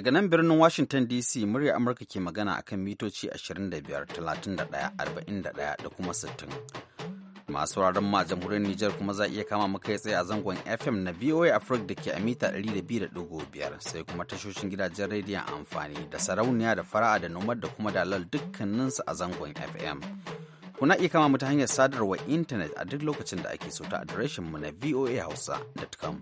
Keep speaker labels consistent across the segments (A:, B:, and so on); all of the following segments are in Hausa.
A: Daga nan birnin Washington DC murya Amurka ke magana a kan mitoci 25, 31, 41 da kuma 60. Masu wuraren ma a jamhuriyar Nijar kuma za iya kama maka tsaye a zangon FM na VOA Africa da ke a mita 200.5 sai kuma tashoshin gidajen rediyon amfani da sarauniya da fara'a da nomad da kuma dalal dukkaninsu a zangon FM. Kuna iya kama mu ta hanyar sadarwar intanet a duk lokacin da ake so ta adireshinmu na voahausa.com.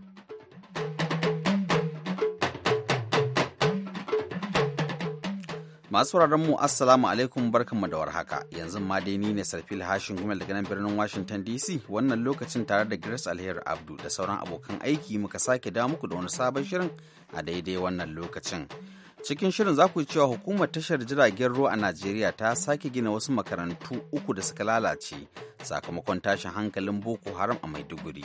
A: Masu sauraron mu Assalamu alaikum barkanmu da warhaka. Yanzu ma dai ni ne Sarfil Hashin Gumel daga nan birnin Washington DC wannan lokacin tare da Grace Alheri Abdu da sauran abokan aiki muka sake da muku da wani sabon shirin a daidai wannan lokacin. Cikin shirin za ku cewa hukumar tashar jiragen ruwa a Najeriya ta sake gina wasu makarantu uku da suka lalace sakamakon tashin hankalin Boko Haram a Maiduguri.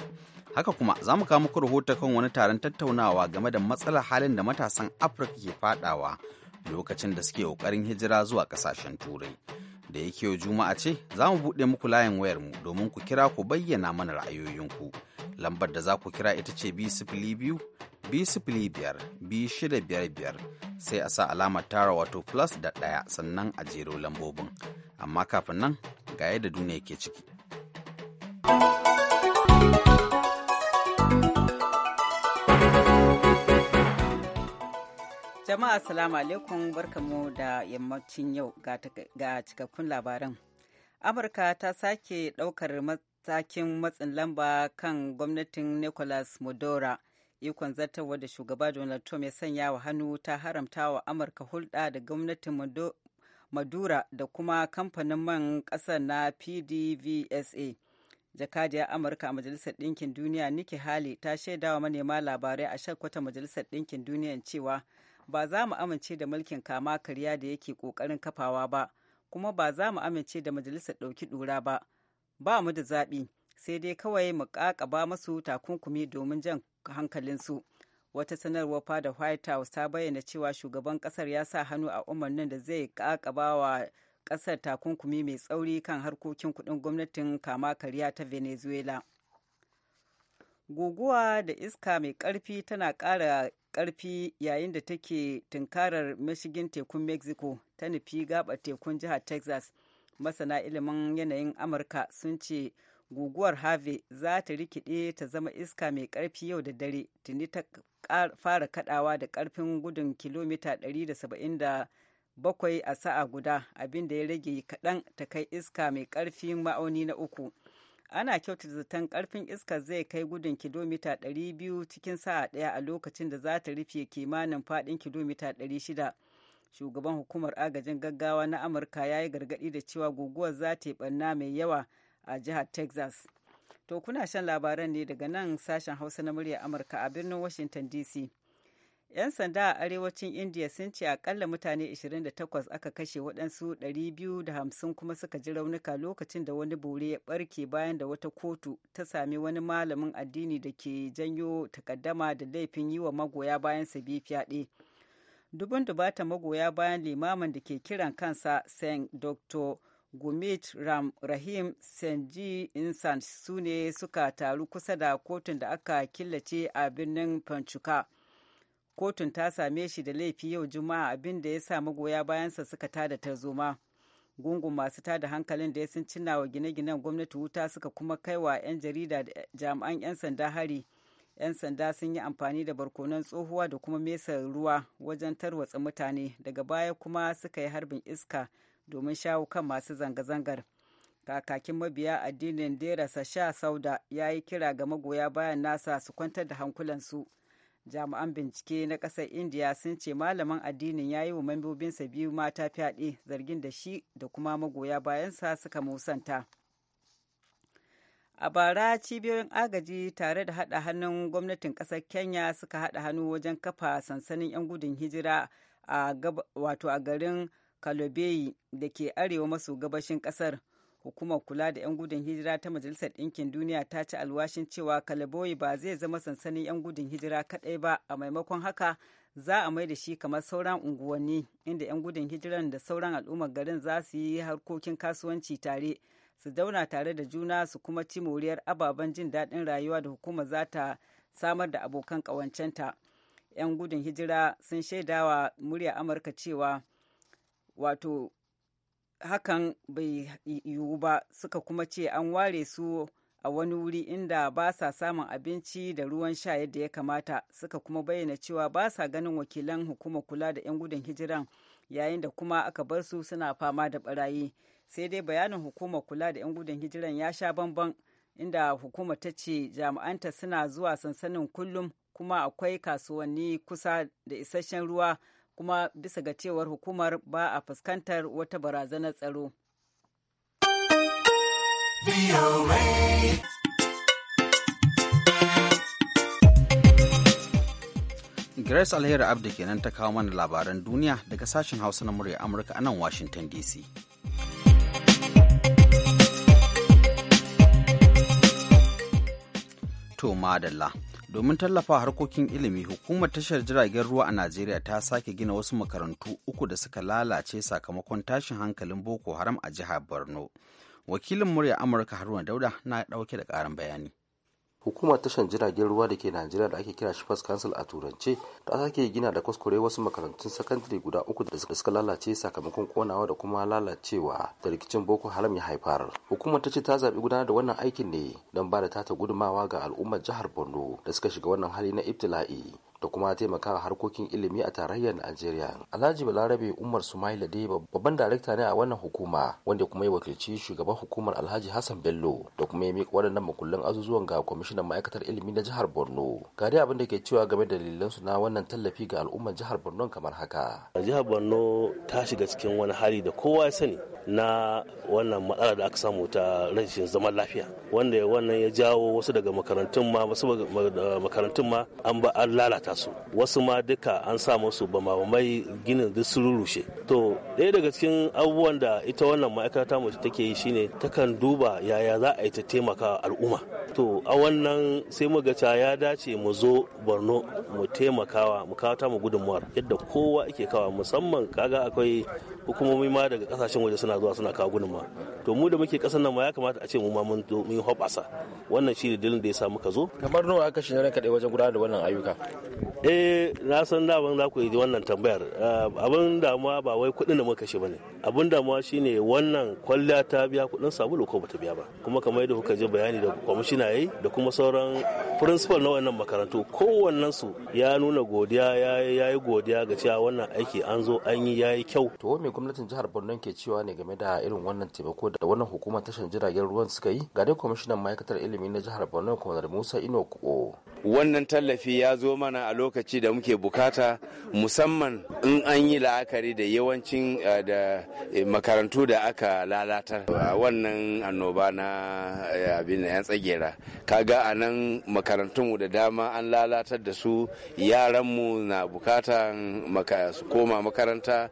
A: Haka kuma za mu kawo muku rahoto kan wani taron tattaunawa game da matsalar halin da matasan Afirka ke fadawa lokacin da suke ƙoƙarin hijira zuwa ƙasashen turai da yake yau juma'a ce za mu buɗe muku layin wayarmu domin ku kira ku bayyana mana ra'ayoyinku lambar da za ku kira ita ce b sifili biyu b sifili biyar b shida biyar biyar sai a sa alamar tara wato plus da ɗaya sannan a jero lambobin amma kafin nan ga yadda duniya ke ciki.
B: Jama'a salamu alaikum barkamu da yammacin yau ga cikakkun labaran. Amurka ta sake ɗaukar matakin matsin lamba kan gwamnatin Nicolas modora Ikon zartarwa da shugaba Donald Trump ya sanya wa hannu ta haramta wa Amurka hulɗa da gwamnatin Madura da kuma kamfanin man ƙasar na PDVSA. jakadiyar amurka a majalisar ɗinkin duniya nikki hali ta shaidawa manema labarai a shakwata majalisar ɗinkin duniya cewa ba za mu amince da mulkin kama karya da yake ƙoƙarin kafawa ba kuma ba za mu amince da majalisar ɗauki ɗora ba ba mu da zaɓi sai dai kawai mu ƙaƙaba masu takunkumi domin jan hankalinsu wata sanarwar fada white house ta bayyana cewa shugaban ƙasar ya sa hannu a umarnin da zai ƙaƙaba wa ƙasar takunkumi mai tsauri kan harkokin kuɗin gwamnatin kama karya ta venezuela guguwa da iska mai ƙarfi tana ƙara ƙarfi yayin da take tunkarar mashigin tekun mexico ta nufi gabar tekun jihar texas masana ilimin yanayin amurka sun ce guguwar harvey za ta rikide ta zama iska mai ƙarfi yau da dare tuni ta fara kadawa da ƙarfin gudun kilomita 177 a sa'a guda abinda ya rage kaɗan ta kai iska mai ƙarfin ma'auni na uku ana kyautata zaton karfin iskar zai kai gudun kilomita 200 cikin sa'a ɗaya a lokacin da za ta rufe kimanin faɗin kilomita 600 shugaban hukumar agajin gaggawa na amurka ya yi gargaɗi da cewa guguwar za ta yi ɓanna mai yawa a jihar texas to kuna shan labaran ne daga nan sashen hausa na murya amurka a birnin washington dc 'Yan sanda a arewacin Indiya sun ce akalla mutane 28 aka kashe waɗansu 250 kuma suka ji raunuka lokacin da wani bore ya barke bayan da wata kotu ta sami wani malamin addini da ke janyo takaddama da laifin yi wa magoya bayan biyu fyaɗe. Dubun dubata magoya bayan limamin da ke kiran kansa Sen Dr. Gumit Ram Rahim Senji Insan su ne suka taru kusa da kotun da aka killace a birnin Panchuka. kotun ta same shi da laifi yau juma'a abin da ya sa magoya bayansa suka tada zoma gungun masu tada hankalin da ya sun cina wa gine-ginen gwamnati wuta suka kuma kai wa 'yan jarida da jami'an 'yan sanda hari 'yan sanda sun yi amfani da barkonon tsohuwa da kuma mesa ruwa wajen tarwatsa mutane daga baya kuma suka yi harbin iska domin shawo kan masu zanga-zangar kakakin mabiya addinin dera sasha sauda ya yi kira ga magoya bayan nasa su kwantar da hankulansu. su jami'an bincike na ƙasar indiya sun ce malaman addinin ya yi wa mambobinsa biyu mata fyaɗe zargin da shi da kuma magoya bayansa suka musanta a bara cibiyoyin agaji tare da haɗa hannun gwamnatin ƙasar kenya suka haɗa hannu wajen kafa sansanin 'yan gudun hijira a wato a garin kalobeyi da ke arewa maso gabashin ƙasar hukumar kula da 'yan gudun hijira ta majalisar ɗinkin duniya ta ci alwashin cewa kalaboyi ba zai zama sansanin 'yan gudun hijira kaɗai ba a maimakon haka za a mai da shi kamar sauran unguwanni inda 'yan gudun hijiran da sauran al'ummar garin za su yi harkokin kasuwanci tare su zauna tare da juna su kuma ci moriyar ababen jin daɗin rayuwa da hukumar za ta samar da abokan ƙawancenta 'yan gudun hijira sun shaidawa murya amurka cewa wato hakan bai yiwu ba suka kuma ce an ware su a wani wuri inda ba sa samun abinci da ruwan sha yadda ya kamata suka kuma bayyana cewa ba sa ganin wakilan hukumar kula da 'yan gudun hijiran yayin da kuma aka bar su suna fama da barayi sai dai bayanin hukumar kula da 'yan gudun hijiran ya sha bamban inda hukumar ta ce jami'anta suna zuwa sansanin kullum kuma akwai kasuwanni kusa da isasshen ruwa kuma bisa ga cewar hukumar ba a fuskantar wata barazanar tsaro.
A: Grace Alheri Abdi kenan ta kawo mana labaran duniya daga sashen Hausa na murya Amurka a nan Washington DC. To madalla. domin tallafa harkokin ilimi hukumar tashar jiragen ruwa a najeriya ta sake gina wasu makarantu uku da suka lalace sakamakon tashin hankalin boko haram a jihar borno wakilin murya amurka haruna dauda na dauke da karin bayani
C: hukumar tashar jiragen ruwa da ke najeriya da ake kira shifas council a turance ta sake gina da kuskure wasu makarantun sakandare guda uku da suka lalace sakamakon konawa da kuma lalacewa da rikicin boko haram ya haifar hukumar ta ce ta zaɓi gudanar da wannan aikin ne don ba da tata gudumawa ga al'ummar jihar borno da suka shiga wannan hali na ibtila'i da kuma taimakawa harkokin ilimi a tarayyar Najeriya. Alhaji Balarabe Umar Sumaila dai babban darekta ne a wannan hukuma wanda kuma ya wakilci shugaban hukumar Alhaji Hassan Bello da kuma ya miƙa waɗannan makullin azuzuwan ga kwamishinan ma'aikatar ilimi na jihar Borno. Ga dai abin da ke cewa game da su na wannan tallafi ga al'ummar jihar Borno kamar haka.
D: Jihar Borno ta shiga cikin wani hali da kowa ya sani na wannan matsala da aka samu ta rashin zaman lafiya wanda wannan ya jawo wasu daga makarantun ma wasu makarantun ma an ba an lalata su wasu ma duka an sa musu ba mai ginin duk sun rurushe to ɗaya daga cikin abubuwan da ita wannan ma'aikata mu take yi shine takan duba yaya za a yi ta taimaka al'umma to a wannan sai mu gaca ya dace mu zo borno mu taimakawa mu kawo ta mu gudunmuwar yadda kowa ake kawa musamman kaga akwai hukumomi ma daga kasashen waje suna zuwa suna kawo gudunma to mu da muke kasar nan ma ya kamata a ce mu ma mun mun hoɓasa wannan shi ne dalilin da ya sa muka zo kamar nawa aka shirya ranka wajen gudanar da wannan ayyuka eh na san da ban za ku yi wannan tambayar ah, abin damuwa ba wai kuɗin da muka kashe bane abin damuwa shine wannan kwalliya ta biya kuɗin sabulu ko bata biya ba kuma kamar yadda kuka je bayani da kwamishin cinaye da kuma sauran principal na wannan makarantu kowannensu ya nuna
C: godiya ya yi godiya ga cewa wannan aiki an zo an yi ya yi kyau. To me gwamnatin jihar Borno ke cewa ne game da irin wannan taimako da wannan hukumar tashar jiragen ruwan suka yi ga dai kwamishinan ma'aikatar ilimi na jihar Borno kwanar Musa Inoko.
E: Wannan tallafi ya zo mana a lokaci da muke bukata musamman in an yi la'akari da yawancin eh, da eh, makarantu da aka lalata wannan annoba na eh, abin yan tsagera. yara kaga a nan makarantunmu da dama an lalatar da su yaranmu na bukatan su koma makaranta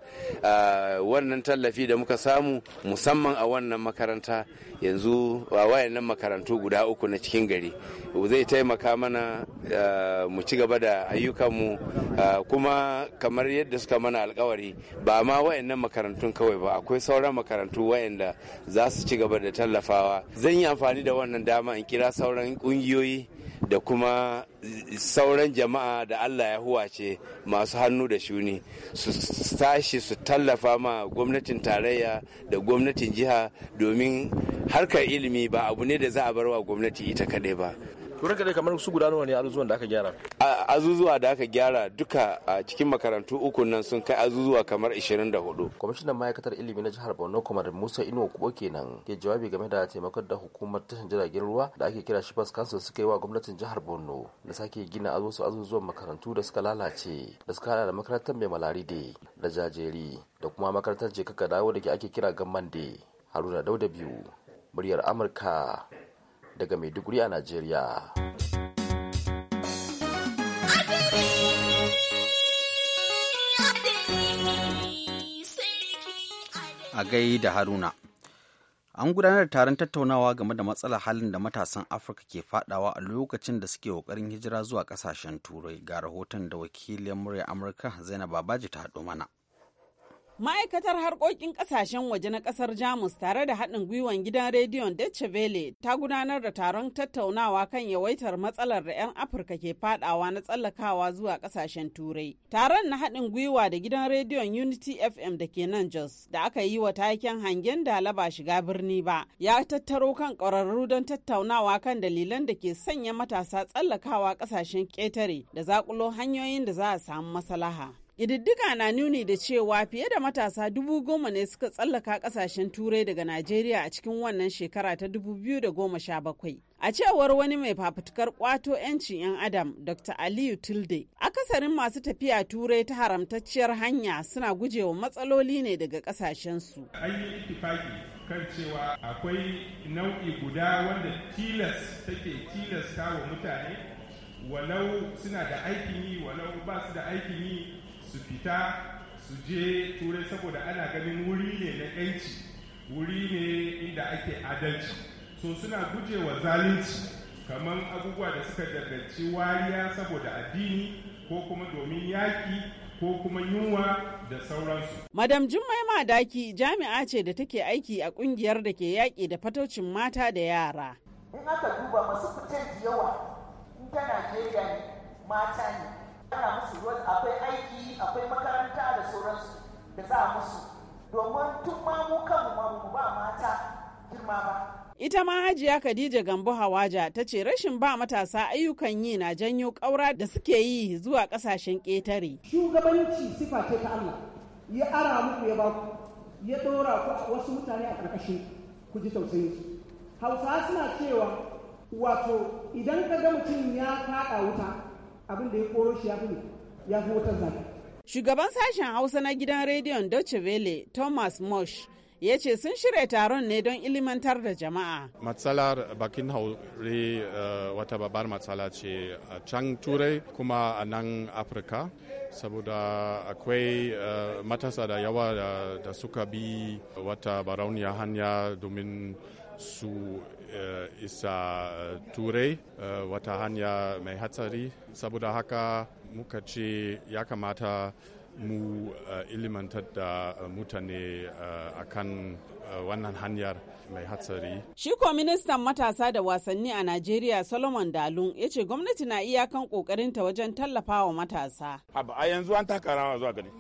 E: wannan tallafi da muka samu musamman a wannan makaranta yanzu a wayannan makarantu guda uku na cikin gari zai taimaka mana mu ci gaba da ayyukanmu kuma kamar yadda suka mana alkawari ba ma wayannan makarantun kawai ba akwai sauran makarantu wayanda za su ci gaba da tallafawa zan yi amfani da wannan dama in kira kira sauran kungiyoyi da kuma sauran jama'a da Allah ya huwace masu hannu da shuni su tashi su tallafa ma gwamnatin tarayya da gwamnatin jiha domin harkar ilimi ba abu ne da za a bar wa gwamnati ita kaɗai ba
C: to kaɗai kamar su guda nawa ne azuzuwan da aka gyara
E: azuzuwa da aka gyara duka a cikin makarantu uku nan sun kai azuzuwa kamar 24
C: kwamishinan ma'aikatar ilimi na jihar borno kamar musa inuwa kubo kenan ke jawabi game da taimakon da hukumar tashin jiragen ruwa da ake kira shifas council suka yi wa gwamnatin jihar borno da sake gina azuzu azuzuwan makarantu da suka lalace da suka hada da makarantar mai malaride da jajeri da kuma makarantar jekaka dawo da ake kira gamman haruna dauda biyu muryar amurka daga Maiduguri a Najeriya.
A: A gai da Haruna. An gudanar da taron tattaunawa game da matsalar halin da matasan Afirka ke fadawa a lokacin da suke kokarin hijira zuwa kasashen Turai ga rahoton da wakiliyar murya Amurka Zainab Babaji ta haɗo mana.
F: Ma'aikatar harkokin kasashen waje na kasar Jamus tare da haɗin gwiwan gidan rediyon Deutsche Welle ta gudanar da taron tattaunawa kan yawaitar matsalar da 'yan Afirka ke fadawa na tsallakawa zuwa kasashen Turai. Taron na haɗin gwiwa da gidan rediyon Unity FM da ke nan Jos da aka yi wa taken hangen da laba shiga birni ba ya tattaro kan ƙwararru don tattaunawa kan dalilan da ke sanya matasa tsallakawa kasashen ƙetare da zakulo hanyoyin da za a samu maslaha. Ƙididdiga na nuni da cewa fiye da matasa dubu goma ne suka tsallaka ƙasashen turai daga Najeriya a cikin wannan shekara ta da sha bakwai A cewar wani mai fafutukar kwato 'yancin 'yan Adam, Dr. Aliyu Tilde, akasarin masu tafiya turai ta haramtacciyar hanya suna gujewa matsaloli ne daga ƙasashensu.
D: An yi itifaki kan cewa akwai nau'i guda wanda tilas take tilasta wa mutane walau suna da aikin yi walau ba su da aikin yi su fita su je turai saboda ana ganin wuri ne na yanci wuri ne inda ake adalci so suna gujewa zalunci kamar abubuwa da suka danganci wariya saboda addini ko kuma domin yaki ko kuma yunwa da sauransu.
F: Madam Jummai Madaki jami'a ce da take aiki a kungiyar da ke yaƙi da fatocin mata da yara. In aka
G: duba masu fitar yawa in ta Najeriya mata ne ana musu akwai aiki akwai makaranta da sauransu da za musu domin tun
F: ma mu kanmu ma mu ba mata girma ba Ita ma Hajiya Khadija Gambo Hawaja ta ce rashin ba matasa ayyukan yi na janyo ƙaura da suke yi zuwa ƙasashen ƙetare. Shugabanci sifa ce ta Allah, ya ara muku ya ba ya ɗora ku wasu mutane a ƙarƙashin ku ji tausayin su. Hausa suna cewa wato idan ka ga mutum ya faɗa wuta abin da ya koro shi ya fi wutar zafi. Shugaban sashen Hausa na gidan rediyon Deutsche Welle, Thomas Mosh, ya ce sun shirya taron ne don ilimantar da jama'a.
A: Matsalar bakin haure eh, wata babbar matsala ce a can turai kuma a nan Afirka, saboda akwai eh, matasa da yawa da suka bi wata barauniya hanya domin su eh, isa eh, turai eh, wata hanya mai hatsari saboda haka muka ce
H: ya kamata mu ilimantar da mutane
E: akan kan wannan hanyar mai hatsari.
F: Shi ko ministan matasa da wasanni a nigeria Solomon Dalun ya ce gwamnati na iyakan kokarinta wajen tallafa wa matasa.
H: a yanzu an taka rawa zuwa gani.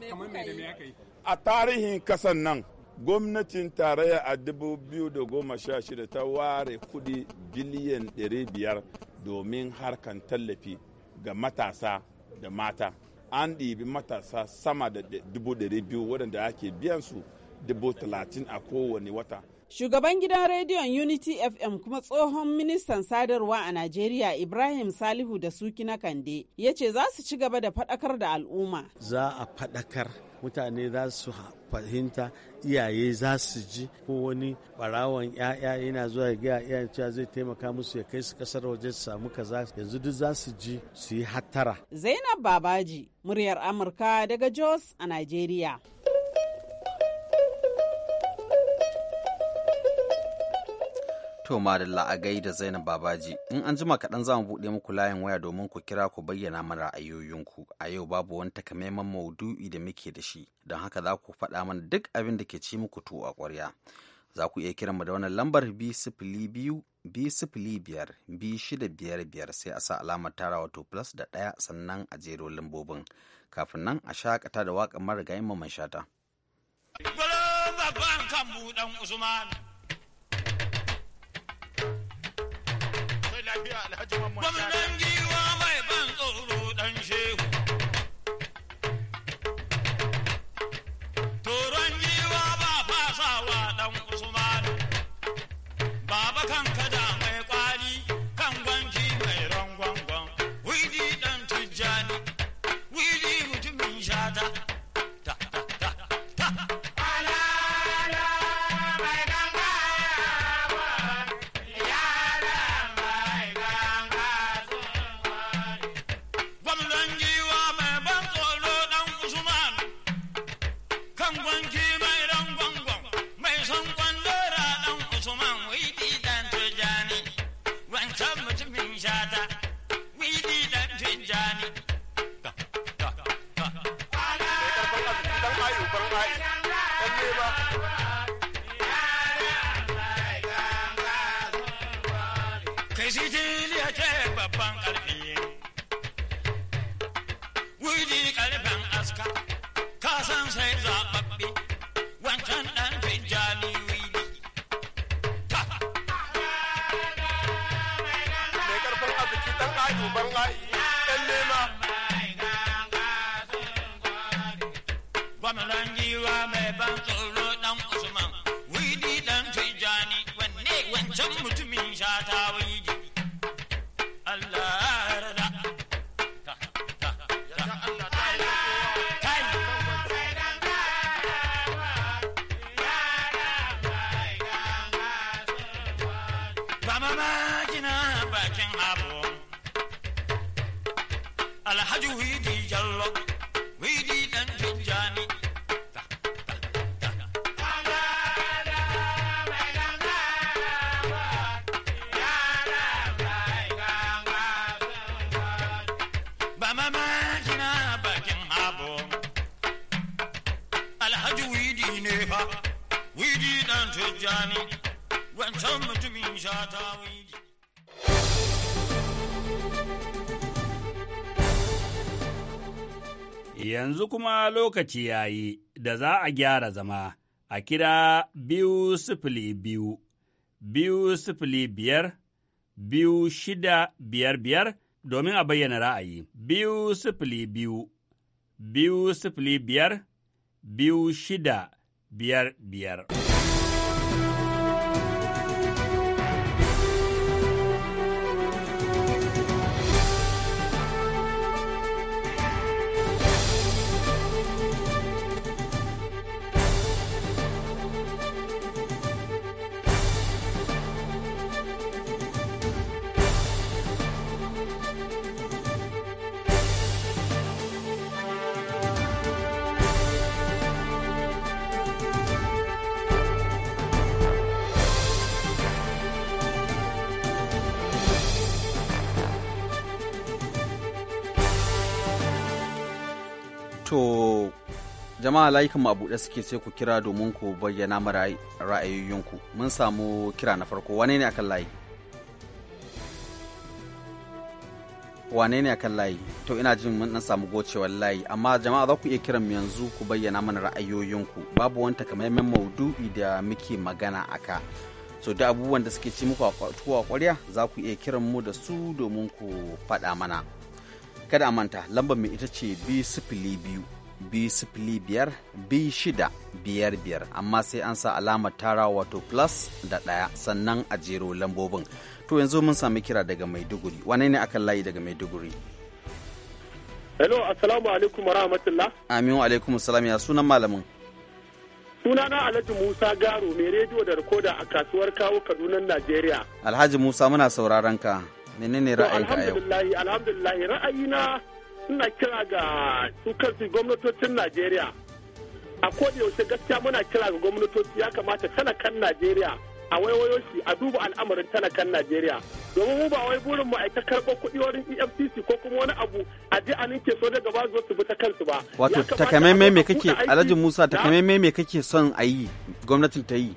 H: A tarihin kasan nan gwamnatin tarayya a 2016 ta ware kudi biliyan 500 domin harkan tallafi ga matasa da mata an ɗibi matasa sama da 200 waɗanda ake biyansu 30,000 a kowane wata
F: Shugaban gidan rediyon Unity FM kuma tsohon ministan sadarwa a Najeriya Ibrahim Salihu da Suki na Kande ya ce za su ci gaba da faɗakar da al'umma.
D: Za a faɗakar mutane za su fahimta iyaye za su ji ko wani barawan ya'ya yana zuwa ya gaya iyayen cewa zai taimaka musu ya kai su kasar waje su samu kaza yanzu duk za su ji su yi hattara.
F: Zainab Babaji, muryar Amurka daga Jos a nigeria.
A: To da la'agai da Zainab Babaji, in an jima kaɗan za mu buɗe muku layin waya domin ku kira ku bayyana mana ra'ayoyinku. A yau babu wani takamaiman maudu'i da muke da shi, don haka za ku faɗa mana duk abin da ke ci muku to a ƙwarya. Za ku iya kiran mu da wannan lambar b sifili biyu b sifili biyar b shida biyar biyar sai a sa alamar tara wato plus da ɗaya sannan a jero lambobin. Kafin nan a shakata da waƙar marigayin maman shata.
G: Bala kan Gwamnan Sijiliya ce babban ƙarfi, ƙarfen sai za mamakina bakin abu alhaji widi ne fa widi dan tujjani wancan mutumin shata widi
D: yanzu kuma lokaci ya yi da za a gyara zama a kira biyu sifili biyu biyu sifili biyar biyu shida biyar biyar domin a bayyana ra'ayi. Biyu sifili biyu, biyu sifili biyar, biyu shida biyar biyar.
A: To jama'a layukan a buɗe suke sai ku kira domin ku bayyana mu ra'ayoyinku. Mun samu kira na farko wane ne akan layi? Wane ne akan layi? To ina jin mun dan samu gocewar layi amma jama'a za ku iya kiran yanzu ku bayyana mana ra'ayoyinku. Babu wani takamaiman maudu'i da muke magana aka. so da abubuwan da suke ci muku a kwarya za ku iya kiran mu da su domin ku faɗa mana. kada a manta lambar mai ita ce b biyu b biyar b shida biyar biyar amma sai an sa alamar tara wato plus da ɗaya sannan a jero lambobin to yanzu mun sami kira daga maiduguri wane ne akan layi daga maiduguri
H: hello assalamu alaikum wa rahmatullah
A: amin wa alaikum salam ya sunan malamin
H: sunana alhaji musa garo mai rediyo da rikoda a kasuwar kawo kaduna najeriya
A: alhaji musa muna sauraron ka menene ra'ayinka a yau
H: alhamdulillah alhamdulillah ra'ayina ina kira ga su kansu gwamnatocin Najeriya a yaushe gaskiya muna kira ga gwamnatoci ya kamata talakan Najeriya a waiwayo shi a duba al'amarin talakan Najeriya domin mu ba wai burin mu ta karɓo kuɗi wurin EFCC ko kuma wani abu a je a ninke so daga ba su bi ta kansu ba wato takamaimai me kake Alhaji Musa takamaimai
A: me kake son a yi gwamnatin ta yi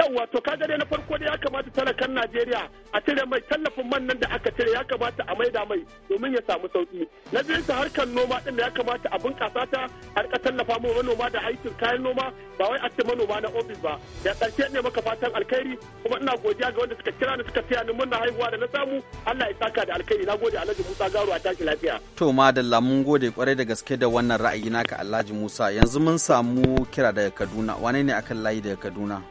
H: yawwa to kaga dai na farko da ya kamata talakan najeriya a cire mai tallafin man nan da aka cire ya kamata a maida mai domin ya samu sauki na biyu ta harkar noma din ya kamata a bunƙasa ta a rika tallafa mu manoma da aikin kayan noma ba wai a ce manoma na ofis ba ya ƙarshe ne maka fatan alkhairi kuma ina godiya ga wanda suka kira ni suka taya ni murna haihuwa da na samu Allah ya saka da alkhairi na gode Alhaji Musa Garu a tashi lafiya
A: to da lamun gode kwarai da gaske da wannan ra'ayi naka Alhaji Musa yanzu mun samu kira daga Kaduna wane ne akan layi daga Kaduna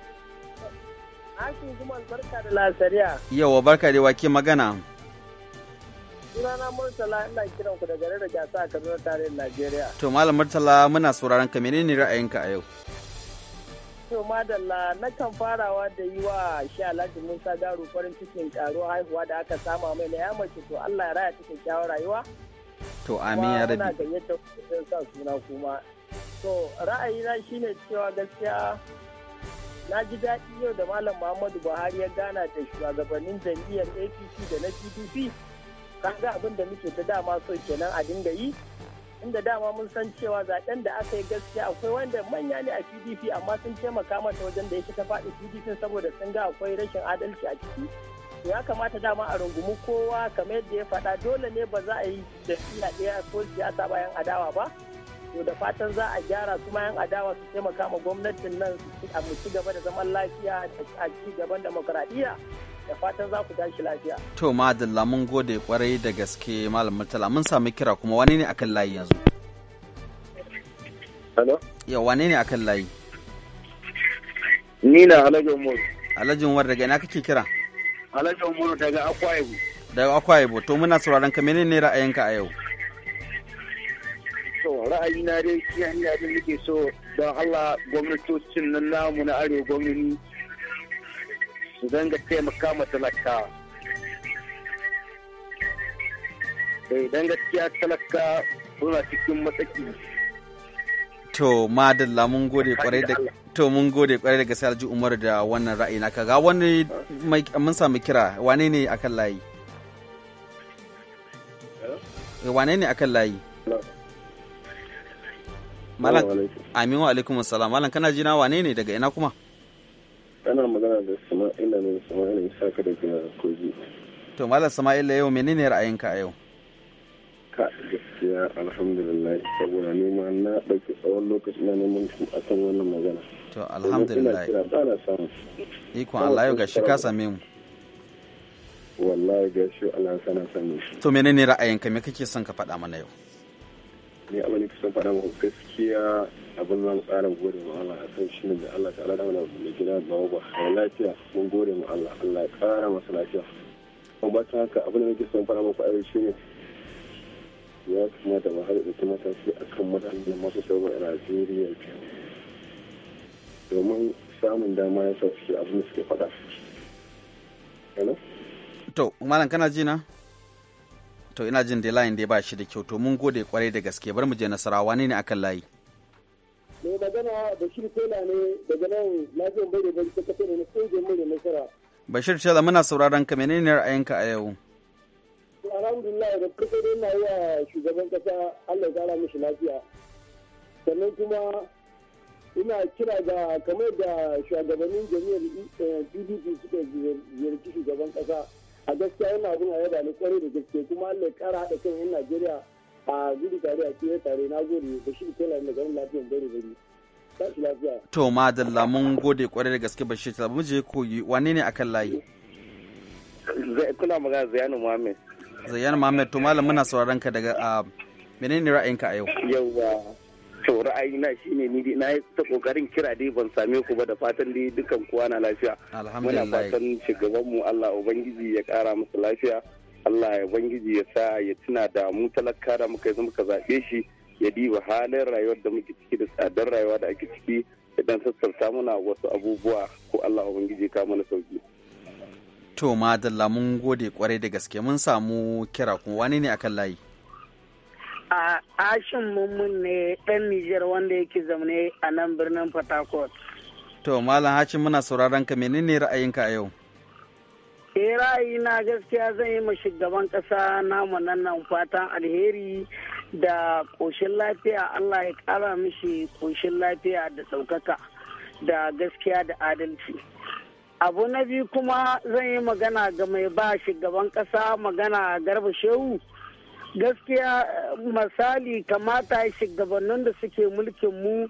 G: Hakin kuma barka da lasariya.
A: Yawa barka da wake magana.
G: Sunana Murtala ina kiran ku da garin da gasa a Kaduna tarihin Najeriya.
A: To Malam Murtala muna sauraron ka menene ra'ayinka a yau?
G: To madalla na kan farawa da yi wa shi Alhaji Musa Garu farin cikin karo haihuwa da aka sama mai na yamace to Allah ya raya ta kyawun rayuwa.
A: To amin ya rabi. Kuma
G: gayyata sa suna kuma. To ra'ayina shine cewa gaskiya na ji daɗi yau da malam muhammadu buhari ya gana da shugabannin jam'iyyar apc da na pdp kaga abin da muke ta dama so kenan a dinga yi inda dama mun san cewa zaɓen da aka yi gaskiya akwai wanda manya ne a pdp amma sun taimaka mata wajen da ya ta faɗi pdp saboda sun ga akwai rashin adalci a ciki ya kamata dama a rungumi kowa kamar yadda ya faɗa dole ne ba za a yi jam'iyya ɗaya ko siyasa bayan adawa ba to da fatan za a gyara kuma yan adawa su taimaka ma gwamnatin nan a ci gaba da zaman lafiya da a ci gaban demokradiyya da fatan za ku tashi
A: lafiya. To madalla mun gode kwarai da gaske malam Murtala mun sami kira kuma wani ne akan layi yanzu? Hello? Ya wane ne akan layi? Ni na Alhaji Umaru. Alhaji Umaru daga ina kake kira?
G: Alhaji Umaru daga
H: Akwa Ibo.
A: Daga Akwa Ibo to muna sauraron ka menene ra'ayinka a yau?
H: so ra'ayina dai shi hanya da nake so don Allah gwamnatocin nan
D: namu na arewa gwamnati su zanga taimaka ma talaka da eh, danga gaskiya talaka suna cikin matsaki
A: to madalla mun gode kwarai da to mun gode kwarai da gaskiya ji Umar da wannan ra'ayi naka ga wani mun samu kira wane ne akan layi eh, wane ne akan layi Malam Amin wa alaikum assalam. Malam kana jina wane ne daga ina kuma?
G: Ana magana da Sama'ila ne Sama'ila Isaka daga Kogi.
A: To Malam Sama'ila yau menene ra'ayinka a yau? Ka gaskiya alhamdulillah saboda nema na ɗauki tsawon lokaci na neman a kan wannan magana. To alhamdulillah. Ikon Allah yau gashi ka same mu.
H: Wallahi gashi Allah sana sani. To
A: menene ra'ayinka me kake son ka faɗa mana yau?
H: ne abin da kusan faɗa muku gaskiya abin zan tsara gode ma Allah a kan shine da Allah ta'ala da wani mai gida ba ba a lafiya mun gode ma Allah Allah ya ƙara masa lafiya kuma ba ta haka abin da nake son faɗa muku a shine ya kamata ba har da a kan mutane masu sauran a Najeriya domin samun dama ya sauke abin da suke faɗa.
A: To, Malam kana ji na? to ina jin da layin dai ba shi da kyau to mun gode kwarai da gaske bar mu je nasarawa ne ne akan layi
H: mai magana bashir tela ne daga nan lafiyan bai da bai ta kafa ne sai da mai nasara
A: bashir tela muna sauraron ka menene ra'ayinka a yau
H: alhamdulillah da farko dai na yi shugaban kasa allah ya mishi lafiya sannan kuma ina kira ga kamar da shugabannin jami'ar pdp eh, suka ziyarci shugaban kasa a gaskiya yana abin a yaba ne kwarai da gaske kuma Allah ya kara haɗa kan yan Najeriya a gudu tare a cikin tare na gode da shi tela da garin lafiyan gari gari tashi lafiya
A: to madalla mun gode kwarai da gaske bashi ta mu je koyi wane ne akan layi
G: kuna magana Zayanu Muhammad
A: Zayanu Muhammad to malam muna sauraron ka daga menene ra'ayinka a yau
H: yauwa to ra'ayi na shine ni na ta kokarin kira dai ban same ku ba da fatan dai dukan kuwa na lafiya
A: muna fatan
H: shugaban mu Allah ubangiji ya kara musu lafiya Allah ya ubangiji ya sa ya tuna da mu talaka da muka yi muka zabe shi ya diba halin rayuwar da muke ciki da tsadar rayuwa da ake ciki idan sassauta muna wasu abubuwa ko Allah ubangiji ka mana sauki
A: to madalla mun gode kwarai da gaske mun samu kira kuma wani ne akan layi
I: a ashin mummun ne ɗan Nijar wanda yake zaune a nan birnin Fatakot.
A: To, Malam Hashim muna sauraron ka menene ra'ayinka a yau?
I: Eh ra'ayina gaskiya zan yi ma shugaban ƙasa namu nan nan fatan alheri da ƙoshin lafiya Allah ya ƙara mishi ƙoshin lafiya da ɗaukaka da gaskiya da adalci. Abu na biyu kuma zan yi magana ga mai ba shugaban ƙasa magana garba shehu. gaskiya misali kamata shugabannin da suke mulkin mu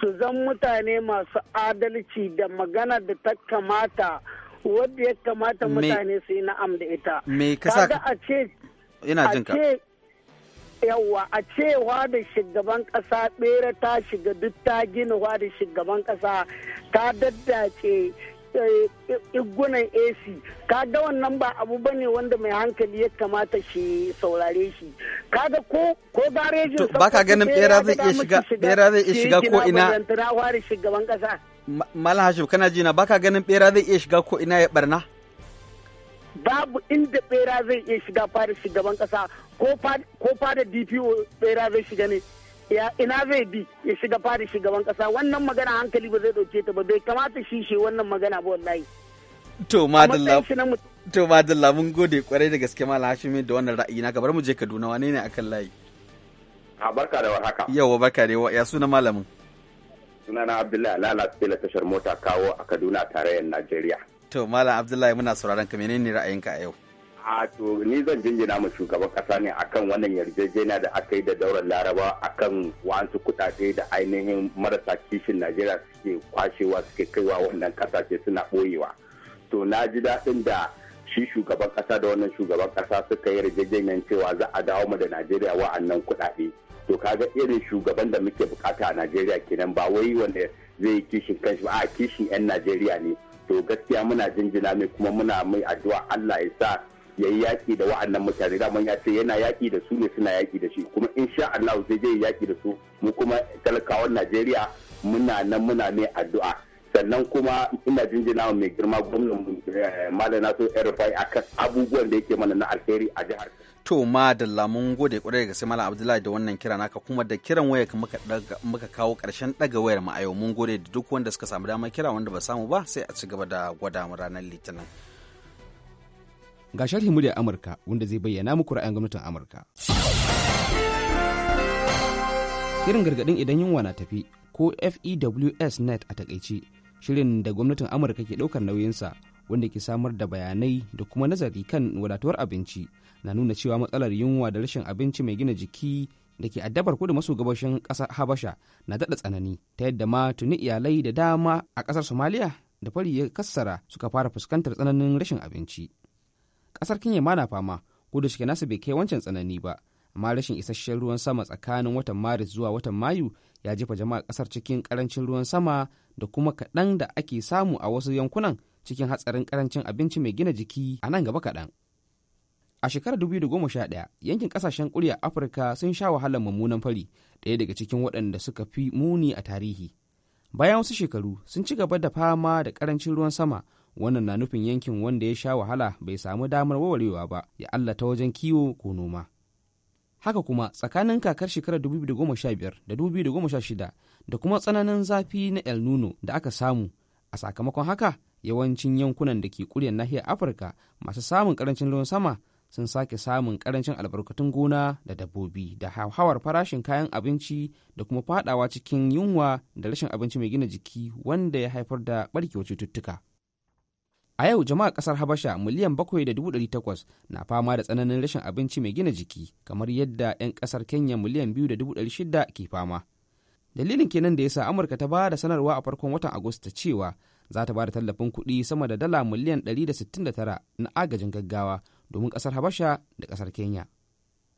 I: su zan mutane masu adalci da magana da ta kamata wadda ya kamata mutane su yi na'am da ita. Me kasa
A: a ce jin ka.
I: a cewa da shugaban kasa bera ta shiga duk ta gina da shugaban kasa ta daddace igunan AC kaga wannan ba abu bane wanda mai hankali ya kamata shi saurare shi kaga ko ko garejin ka ganin bera zai iya shiga bera zai iya shiga ko ina shugaban
A: Malam Hashim kana ji na baka ganin bera zai iya shiga ko ina ya barna
I: babu inda bera zai iya shiga fara shugaban kasa ko fara DPO bera zai shiga ne ina zai bi ya shiga fari shugaban kasa wannan magana hankali ba zai dauke ta ba bai kamata shi shi wannan magana ba wallahi
A: to madalla to madalla mun gode kwarai da gaske malam hashimi da wannan ra'ayi na gabar mu je Kaduna wane ne akan layi a
E: barka da warhaka
A: yawa barka da ya suna malamin
E: sunana Abdullahi Lala Sila tashar mota kawo a Kaduna tarayyar Najeriya
A: to malam Abdullahi muna sauraron ka menene ra'ayinka a yau
E: a to ni zan jinjina mu shugaban kasa ne akan wannan yarjejeniya da aka yi da dauran laraba akan wasu kudade da ainihin marasa kishin Najeriya suke kwashewa suke kaiwa wannan kasashe suna boyewa To na ji daɗin da shi shugaban kasa da wannan shugaban kasa suka yi yarjejeniyan cewa za a dawo mu da Najeriya wa'annan kudade To kaga irin shugaban da muke bukata a Najeriya kenan ba wai wanda zai yi kishin kanshi ba a kishin 'yan Najeriya ne. To gaskiya muna jinjina mai kuma muna mai addu'a Allah ya sa ya yi yaƙi da wa'annan mutane daman ya ce yana yaƙi da su ne suna yaƙi da shi kuma in sha Allah zai je yaƙi da su mu kuma talakawan Najeriya muna nan muna ne addu'a sannan kuma ina jinjina mai girma gwamnan eh, malam nasu rfi akan abubuwan da yake mana na alheri a jihar
A: to ma da lamun gode kwarai ga sai malam abdullahi da wannan kira naka kuma da kiran waya muka kawo karshen daga wayar mu a yau mun gode da duk wanda suka samu damar kira wanda ba samu ba sai a ci gaba da gwada mu ranar litinin
J: Ga sharhin muryar Amurka wanda zai bayyana muku ra'ayin gwamnatin Amurka. Shirin gargaɗin idan yunwa na tafi ko FEWS net a takaice shirin da gwamnatin Amurka ke ɗaukar nauyinsa wanda ke samar da bayanai da kuma nazari kan wadatuwar abinci na nuna cewa matsalar yunwa da rashin abinci mai gina jiki da ke addabar kudu maso gabashin ƙasar habasha na daɗa tsanani ta yadda ma tuni iyalai da dama a ƙasar somaliya da fari ya kassara suka fara fuskantar tsananin rashin abinci kasar kenya ma na fama ko da shike nasu bai kai wancan tsanani ba amma rashin isasshen ruwan sama tsakanin watan maris zuwa watan mayu ya jefa jama'a kasar cikin karancin ruwan sama da kuma kaɗan da ake samu a wasu yankunan cikin hatsarin karancin abinci mai gina jiki a nan gaba kaɗan a shekarar sha ɗaya yankin kasashen kuriya afirka sun sha wahalar mummunan fari ɗaya daga cikin waɗanda suka fi muni a tarihi bayan wasu shekaru sun ci gaba da fama da karancin ruwan sama wannan na nufin yankin wanda ya sha wahala bai samu damar wawarewa ba ya allata wajen kiwo ko noma haka kuma tsakanin kakar shekarar 2015 da 2016 da kuma tsananin zafi na el nuno da aka samu a sakamakon haka yawancin yankunan da ke kuryar nahiyar afirka masu samun karancin ruwan sama sun sake samun karancin albarkatun gona da dabbobi da hauhawar farashin kayan abinci da kuma fadawa cikin yunwa da rashin abinci mai gina jiki wanda ya haifar da barkewar cututtuka A yau jama'a kasar Habasha miliyan 7,800 na fama da tsananin rashin abinci mai gina jiki kamar yadda 'yan kasar Kenya miliyan 2,600 ke fama. Dalilin kenan da ya sa Amurka ta ba da sanarwa a farkon watan Agusta cewa za ta ba da tallafin kuɗi sama da dala miliyan 169 na agajin gaggawa domin kasar Habasha da kasar Kenya.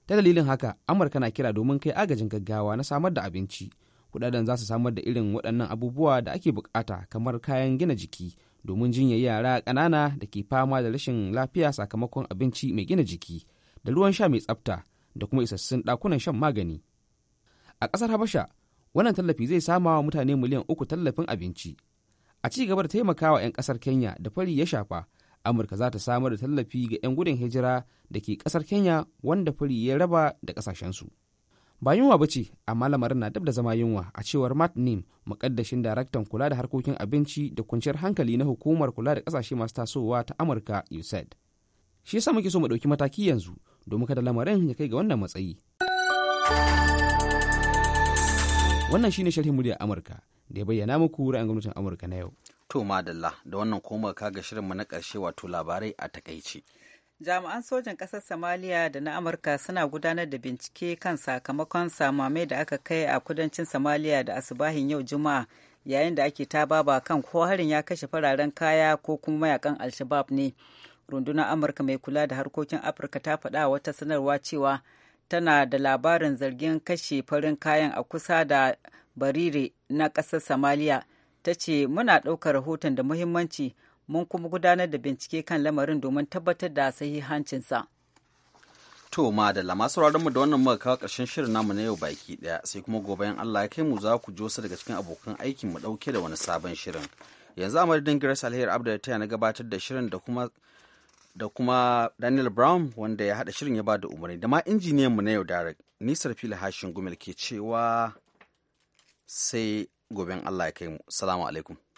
J: Ta dalilin haka Amurka na kira domin kai agajin gaggawa na samar da abinci kudaden za su samar da irin waɗannan abubuwa da ake bukata kamar kayan gina jiki domin jinya yara ƙanana da ke fama da rashin lafiya sakamakon abinci mai gina jiki da ruwan sha mai tsafta da kuma isassun ɗakunan shan magani a ƙasar habasha wannan tallafi zai sama wa mutane miliyan uku tallafin abinci a ci gaba da taimakawa 'yan ƙasar kenya da fari ya shafa amurka za ta samar da tallafi ga 'yan gudun hijira da ke ƙasar kenya wanda fari ya raba da ƙasashensu ba yunwa ba ce amma lamarin na dab da zama yunwa a cewar matt nim mukaddashin daraktan kula da harkokin abinci da kwanciyar hankali na hukumar kula da kasashe masu tasowa ta amurka usaid shi yasa muke so mu ɗauki mataki yanzu domin kada lamarin ya kai ga wannan matsayi wannan shine sharhin muryar amurka da ya bayyana muku ra'ayin gwamnatin amurka na yau
A: to madalla da wannan kuma kaga shirinmu na karshe wato labarai a takaice
B: jami'an sojan ƙasar somaliya da na amurka suna gudanar da bincike kan sakamakon samame da aka kai a kudancin somaliya da asubahin yau juma'a yayin da ake ta baba kan ko harin ya kashe fararen kaya ko kuma mayakan alshabab ne rundunar amurka mai kula da harkokin afirka ta faɗa wata sanarwa cewa tana da labarin zargin kashe farin kayan a kusa da barire na ƙasar somaliya ta ce muna ɗaukar rahoton da muhimmanci mun kuma gudanar da bincike kan lamarin domin tabbatar da sahihancinsa.
A: To ma da lama sauraron mu da wannan muka kawo ƙarshen shirin namu na yau baki ɗaya sai kuma gobe in Allah ya kai mu za ku ji daga cikin abokan aikin mu ɗauke da wani sabon shirin. Yanzu a madadin Grace Alheri Abdul ta na gabatar da shirin da kuma da kuma Daniel Brown wanda ya haɗa shirin ya ba da umarni da ma injiniyan mu na yau Darek Nisar Fili Hashin Gumel ke cewa sai gobe in Allah ya kai mu. Assalamu alaikum.